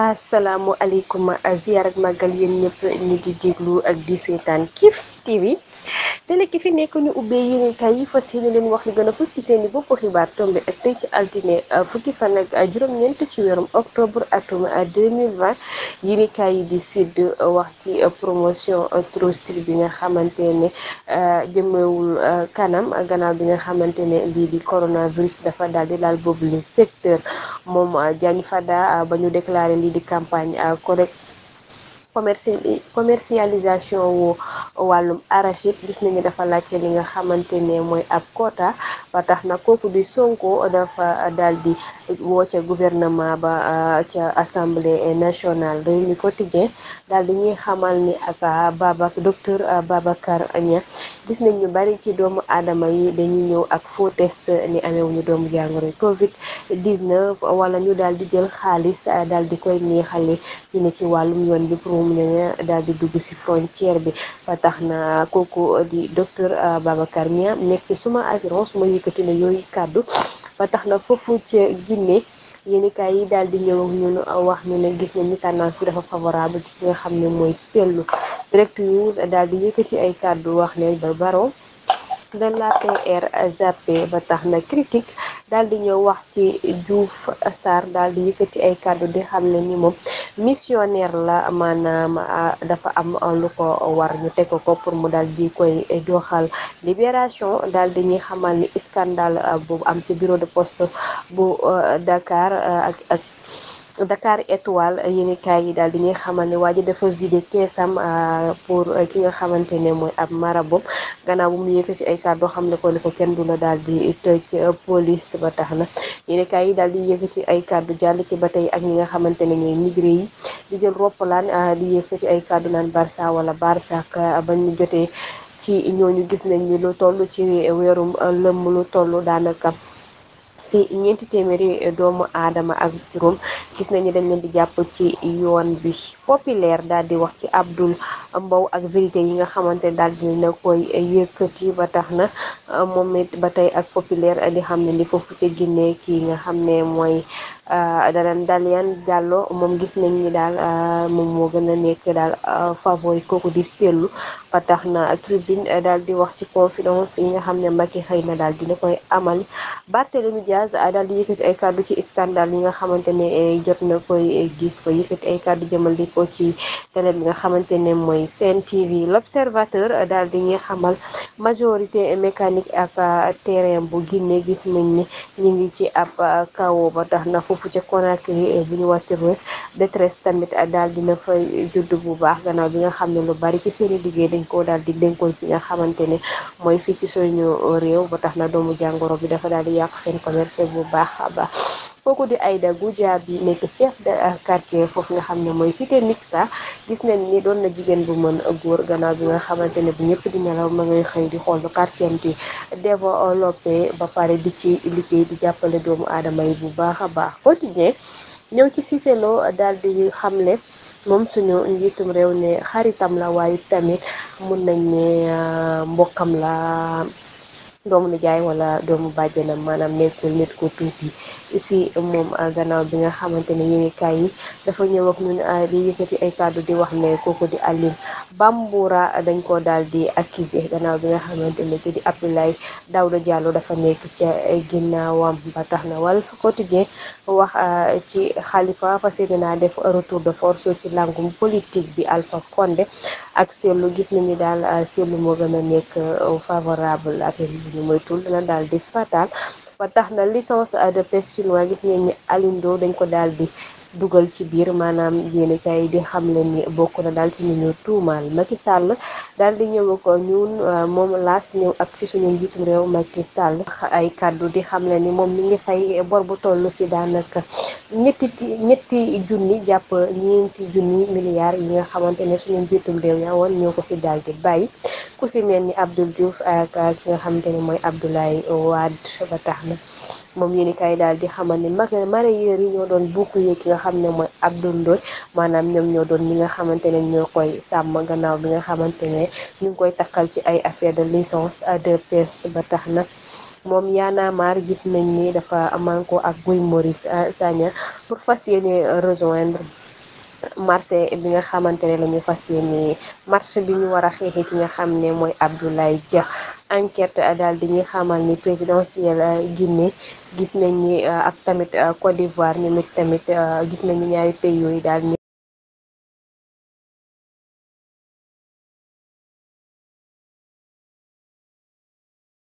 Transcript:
asalaamualeykum ziar ak màggal yéen ñëpp ñi di déglu ak di seetaan Kif TV télé ki fi nekk ñu ubbee yéen yi fas yéene leen wax li gën a fës ci seen i bopp xibaar tombe ak tey ci altine euh, fukki fan ak euh, juróom-ñeent ci weerum octobre atum 2020 euh, yéen kay yi di sud wax ci promotion trostir bi nga xamante ne jëmewul kanam gannaaw bi nga xamante ne lii di coronavirus dafa daal di laal boobu le secteur moom Diagne Fada ba ñu déclaré lii di campagne correct commerci commercialisation wu wàllum arachide gis nañu dafa laajte li nga xamante ne mooy ab quota ba tax na kooku di Sonko dafa daal di woo ca gouvernement ba ca assemblée nationale Rewmi Quotidien daal di ñuy xamal ni ak Babak docteur Babacar Niang gis nañ ñu bari ci doomu aadama yi dañuy ñëw ak faux test ni amewuñu doomu jàngoro Covid 19 wala ñu daal di jël xaalis daal di koy neexale ñu ne ci wàllum yoon bi pour mu daal di dugg si frontière bi ba tax na kooku di docteur Babacar Niang nekk ci suma assurance moo yëkkati na yooyu kàddu ba tax na foofu ci Guinée yéenekaay yi daal di ñëw ak wax ñu ne gis nañ ni tendance bi dafa favorable ci nga xam ne mooy seetlu direct news daal di yëkkati ay kàddu wax ne ba baro de l'APR zappé ba tax na critique daal di ñëw wax ci Diouf Sarr daal di yëkkati ay kàddu di xam ne ni moom missionnaire la maanaam dafa am lu ko war ñu teg ko pour mu daal di koy joxal libération daal di ñuy xamal ni scandale bu am ci bureau de poste bu Dakar ak Dakar étoile yéen kaay yi daal di ñuy xamal ne waa ji dafa vidé keesam euh, pour euh, ki nga xamante ne mooy ab marabout gannaaw bu mu yëkkati ay kàddu xam ne ko ne ko kenn du la daal di tëj euh, police ba tax na yéen kaay yi daal di yëkkati ay kàddu jàll ci ba tey ak ñi nga xamante ne ñooy migré yi di jël roppalaan di yëkkati ay kàddu naan Barça wala Barça ba jotee ci ñooñu gis nañ ni lu toll ci weerum lëmm lu toll daanaka. si ñeenti téeméeri doomu aadama ak juróom gis nañu dañ leen di jàpp ci yoon bi populaire daal di wax ci Abdoul Mbow ak vérité yi nga xamante ne daal dina koy yëkkati ba tax na moom it ba tey ak populaire di xam ne li foofu ca Guinée kii nga xam ne mooy euh, dalan Dalian Diallo moom gis nañ ni daal euh, moom moo gën nekk daal euh, favori kooku di seetlu ba tax na tribune daal di wax ci confidence yi nga xam ne Macky xëy na daal dina koy amal Barthélémy Diaz daal di yëkkati ay kàddu ci scandale yi nga xamante ne eh, jot na koy eh, gis ko yëkkati ay kàddu jëmal di ci télé bi nga xamante ne mooy Sen TV l'Observateur daal di ngi xamal majorité mécanique ak eh, terrain bu Guinée gis nañ ne ñu ngi ci ab kawo ba tax na foofu ca Conakry bu ñu wàcc détresse tamit ah, daal dina fay judd bu baax gannaaw bi nga xam ne lu bari ci seeni liggéey dañ koo daal di dénkoon fi nga xamante ne mooy fii ci suñu réew ba tax na doomu jàngoro bi dafa daal di yàq seen commerce bu baax a baax kooku di Aïda Goudia bi nekk chef de quartier foofu nga xam ne mooy si cité Mixa gis nañ ni doon na jigéen bu mën góor gannaaw bi nga xamante ne bu ñëpp di nelaw ma ngay xëy di xool quartier am di développé ba pare di ci liggéey di jàppale doomu aadama bu baax a baax continuer ñëw ci Cissé loo daal di xamle moom suñu njiitum réew ne xaritam la waaye tamit mun nañ ne euh, mbokkam la doomu jaay wala doomu bàjjenam maanaam nekkul nit ku tuuti si moom ah, gannaaw bi nga xamante ne yéenekaay yi dafa ñëw ak ñun ah, di yëkkati ay kàddu di wax ne kooku di Alioune Bamboura dañ ko daal di accusé gannaaw bi nga xamante ne kii di Abdoulaye Daouda Diallo dafa nekk ca ginnaawam ba tax na Walf Quotidien wax ah, ci Khalifa fa yéene naa de retour de force ci langum politique bi Alpha Condé ak seetlu gis nañu daal euh, seetlu moo gën a nekk euh, favorable affaire yi ñu moytul dina daal di fatal ba tax na licence euh, de pêche chinois gis ngeen ni Alindo dañ ko daal di dugal ci biir maanaam yéen kay di xam leen ni bokk na daal ci ñu ñu tuumaal Macky Sall dal di ñëw ko ñun euh, moom laas ñëw ak ci suñu njiitum réew Macky sàll ay kàddu di xam leen ni moom mi ngi fay bor bu toll si daanaka ñetti ñetti junni jàpp ñeenti junni milliards yi nga xamante ni suñu njiitum réew yaa woon ñoo ko fi daal di bàyyi ku si mel ni Abdou Diouf ak ki nga xamante ni mooy Abdoulaye Wade ba tax na. moom yéen kay daal di xamal ni mag mareyeur yi ñoo doon bokk yi ki nga xam ne mooy Abdoul Ndoye maanaam ñoom ñoo doon ñi nga xamante ne ñoo koy sàmm gannaaw bi nga xamante ne ñu ngi koy takkal ci ay affaire de licence euh, de pêche ba tax na moom yaanamaar gis nañ ni dafa amanko ak Guy Marius euh, Sagna pour fas yéene rejoindre marché bi nga xamante ne la ñu marché bi ñu war a xeexi ki nga xam ne mooy Abdoulaye Dia enquête daal di ñuy xamal ni présidentielle euh, Guinée gis nañ ni euh, ak tamit euh, Côte d'Ivoire ñoom it tamit gis nañu ñaari pays yooyu daal.